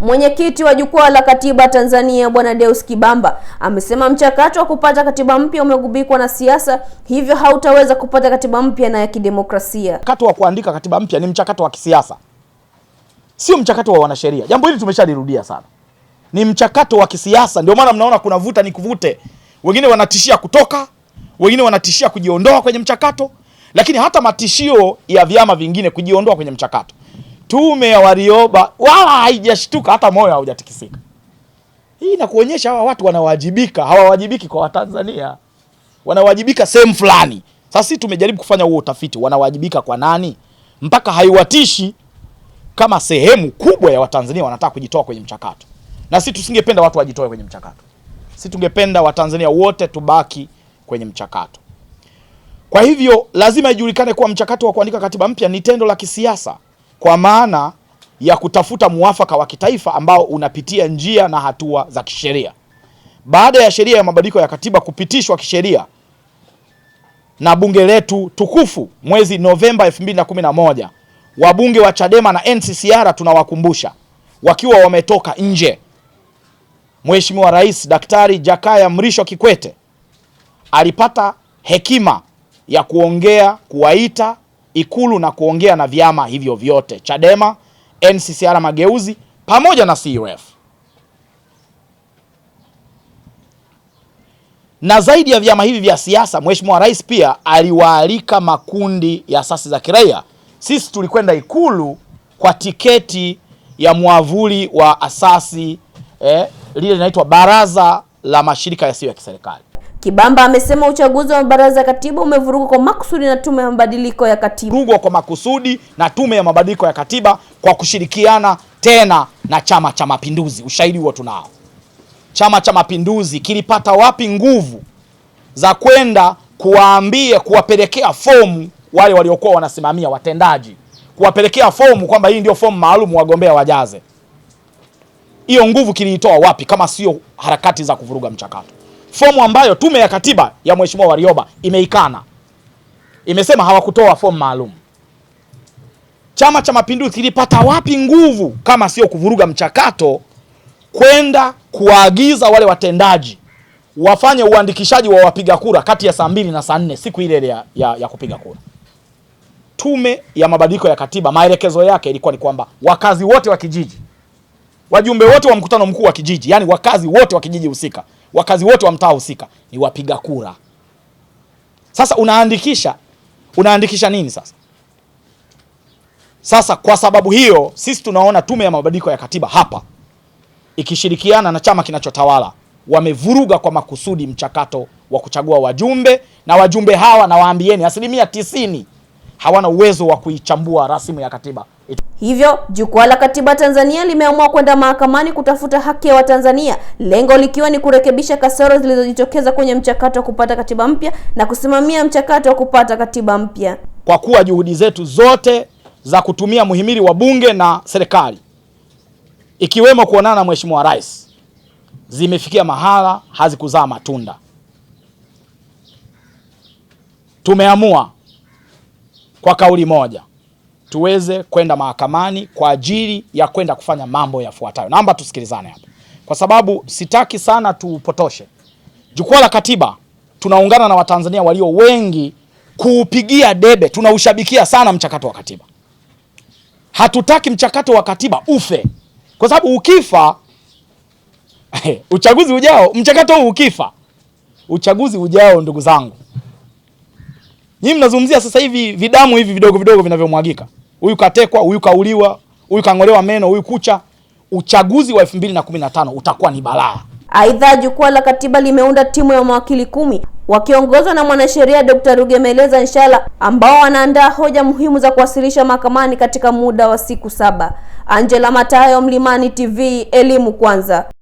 Mwenyekiti wa Jukwaa la Katiba Tanzania Bwana Deus Kibamba amesema mchakato wa kupata katiba mpya umegubikwa na siasa, hivyo hautaweza kupata katiba mpya na ya kidemokrasia. Mchakato wa kuandika katiba mpya ni mchakato wa kisiasa, sio mchakato wa wanasheria. Jambo hili tumeshalirudia sana, ni mchakato wa kisiasa. Ndio maana mnaona kuna vuta ni kuvute, wengine wanatishia kutoka, wengine wanatishia kujiondoa kwenye mchakato, lakini hata matishio ya vyama vingine kujiondoa kwenye mchakato tume ya Warioba wala haijashtuka, hata moyo haujatikisika. Hii inakuonyesha hawa watu wanawajibika, hawawajibiki kwa Watanzania, wanawajibika sehemu fulani. Sasa sisi tumejaribu kufanya huo utafiti, wanawajibika kwa nani mpaka haiwatishi kama sehemu kubwa ya Watanzania wanataka kujitoa kwenye mchakato, na sisi tusingependa watu wajitoe kwenye mchakato. Sisi tungependa Watanzania wote tubaki kwenye mchakato. Kwa hivyo lazima ijulikane kuwa mchakato wa kuandika katiba mpya ni tendo la kisiasa kwa maana ya kutafuta muafaka wa kitaifa ambao unapitia njia na hatua za kisheria. Baada ya sheria ya mabadiliko ya katiba kupitishwa kisheria na bunge letu tukufu mwezi Novemba 2011, wabunge wa Chadema na NCCR tunawakumbusha wakiwa wametoka nje, Mheshimiwa Rais Daktari Jakaya Mrisho Kikwete alipata hekima ya kuongea kuwaita Ikulu na kuongea na vyama hivyo vyote, Chadema, NCCR Mageuzi pamoja na CUF. Na zaidi ya vyama hivi vya siasa, Mheshimiwa Rais pia aliwaalika makundi ya asasi za kiraia. Sisi tulikwenda Ikulu kwa tiketi ya mwavuli wa asasi eh, lile linaitwa Baraza la Mashirika Yasiyo ya Kiserikali. Kibamba amesema uchaguzi wa baraza ya katiba umevurugwa kwa makusudi na tume ya mabadiliko ya katiba. Vurugwa kwa makusudi na tume ya mabadiliko ya katiba kwa kushirikiana tena na Chama cha Mapinduzi. Ushahidi huo tunao. Chama cha Mapinduzi kilipata wapi nguvu za kwenda kuwaambia, kuwapelekea fomu wale waliokuwa wanasimamia watendaji, kuwapelekea fomu kwamba hii ndio fomu maalum wagombea wajaze? Hiyo nguvu kiliitoa wapi kama sio harakati za kuvuruga mchakato? fomu ambayo tume ya katiba ya Mheshimiwa Warioba imeikana, imesema hawakutoa fomu maalum. Chama cha Mapinduzi kilipata wapi nguvu kama sio kuvuruga mchakato kwenda kuwaagiza wale watendaji wafanye uandikishaji wa wapiga kura kati ya saa mbili na saa nne siku ile ya, ya, ya kupiga kura. Tume ya mabadiliko ya katiba maelekezo yake ilikuwa ni kwamba wakazi wote wa kijiji, wajumbe wote wa mkutano mkuu wa kijiji, yani wakazi wote wa kijiji husika wakazi wote wa mtaa husika ni wapiga kura. Sasa unaandikisha unaandikisha nini sasa? Sasa kwa sababu hiyo sisi tunaona Tume ya Mabadiliko ya Katiba hapa ikishirikiana na chama kinachotawala wamevuruga kwa makusudi mchakato wa kuchagua wajumbe, na wajumbe hawa nawaambieni, asilimia tisini hawana uwezo wa kuichambua rasimu ya katiba. Hivyo jukwaa la katiba Tanzania limeamua kwenda mahakamani kutafuta haki ya Watanzania, lengo likiwa ni kurekebisha kasoro zilizojitokeza kwenye mchakato wa kupata katiba mpya na kusimamia mchakato wa kupata katiba mpya. Kwa kuwa juhudi zetu zote za kutumia muhimili wa bunge na serikali ikiwemo kuonana na Mheshimiwa Rais zimefikia mahala hazikuzaa matunda, tumeamua kwa kauli moja tuweze kwenda mahakamani kwa ajili ya kwenda kufanya mambo yafuatayo. Naomba tusikilizane hapa, kwa sababu sitaki sana tuupotoshe. Jukwaa la Katiba tunaungana na Watanzania walio wengi kuupigia debe, tunaushabikia sana mchakato wa katiba. Hatutaki mchakato wa katiba ufe, kwa sababu ukifa uchaguzi ujao, mchakato huu ukifa, uchaguzi ujao, ndugu zangu, nyinyi mnazungumzia sasa hivi vidamu hivi vidogo vidogo vinavyomwagika huyu katekwa, huyu kauliwa, huyu kang'olewa meno, huyu kucha. Uchaguzi wa 2015 utakuwa ni balaa. Aidha, jukwaa la katiba limeunda timu ya mawakili kumi wakiongozwa na mwanasheria Dr. Rugemeleza Nshala ambao wanaandaa hoja muhimu za kuwasilisha mahakamani katika muda wa siku saba. Angela Matayo, Mlimani TV, Elimu Kwanza.